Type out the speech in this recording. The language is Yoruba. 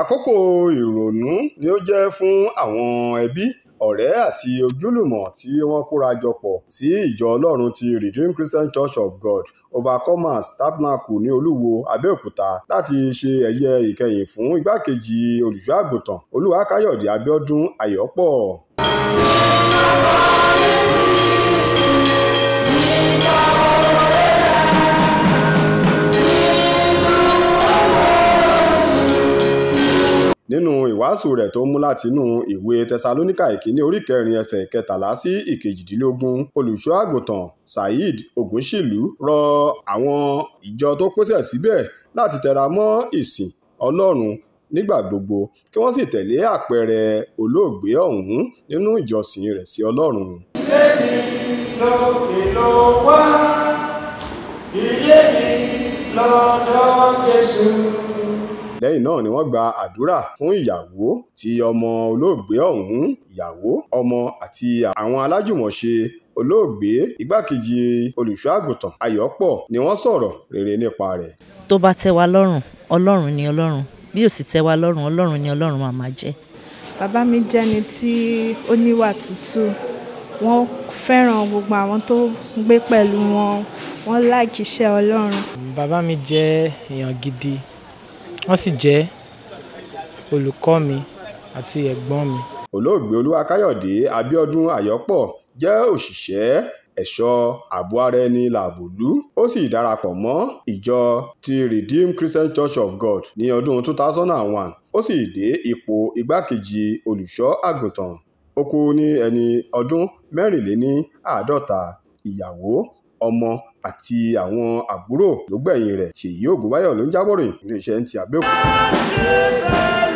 àkókò ìrònú ni ó jẹ́ fún àwọn ẹbí ọ̀rẹ́ àti ojúlùmọ̀ tí wọ́n kóra jọ pọ̀ sí ìjọ ọlọ́run ti redeemed christian church of god overcomers tabernacle ní olúwo abẹ́òkúta láti ṣe ẹ̀yẹ ìkẹyìn fún igbákejì olùṣọ́ àgùntàn olúwakáyọ̀dé abíọ́dún ayọ̀pọ̀. nínú ìwàásù rẹ̀ tó mú látinú ìwé tẹsalóníkà ìkíní orí kẹrin ẹsẹ̀ kẹtàlá sí ìkejìdínlógún olùṣọ́ saheed ogunṣìlú rọ àwọn ìjọ tó pèsè síbẹ̀ láti tẹra mọ́ ìsìn ọlọ́run nígbà gbogbo kí wọ́n sì tẹ̀lé àpẹẹrẹ olóògbé ọ̀hún nínú ìjọsìn rẹ̀ sí ọlọ́run. ilé mi lókè ló wá ilé mi lọ́dọ̀ jésù lẹ́yìn náà ni wọ́n gba àdúrà fún ìyàwó ti ọmọ olóògbé ọ̀hún ìyàwó ọmọ àti àwọn alájùmọ̀ṣe olóògbé igbákejì olùṣọ́ àgùntàn ayọ̀pọ̀ ni wọ́n sọ̀rọ̀ rere nípa rẹ̀. tó bá tẹ́ wa lọ́rùn ọlọ́run ni ọlọ́run bí ò sì tẹ́ wa lọ́rùn ọlọ́run ni ọlọ́run màmá jẹ́. bàbá mi jẹ́ni tí ó níwà tútù wọ́n fẹ́ràn gbogbo àwọn tó ń gbé pẹ̀lú wọn wọ́n láìkí iṣẹ́ ọlọ́run. bàbá mi jẹ́ èèyàn gidi wọ́n sì jẹ́ olùkọ́ mi àti ẹ̀gbọ́n mi. olóògbé olúwakáyọ̀dé abíọ́dún àyọ́pọ̀ jẹ́ òṣìṣẹ́ ẹ̀ṣọ́ ààbò ara ẹni làbòlú ó sì darapọ̀ mọ́ ìjọ ti redeem Christian Church of God ní ọdún 2001 ó sì dé ipò igbákejì olùṣọ́ àgùntàn ó kú ní ẹni ọdún mẹ́rìnléní àádọ́ta ìyàwó ọmọ àti àwọn àbúrò ló gbẹ̀yìn rẹ̀ ṣèyí ògùnbáyọ̀ ló ń jábọ̀rìn iléeṣẹ́ ntí abẹ́òkúta.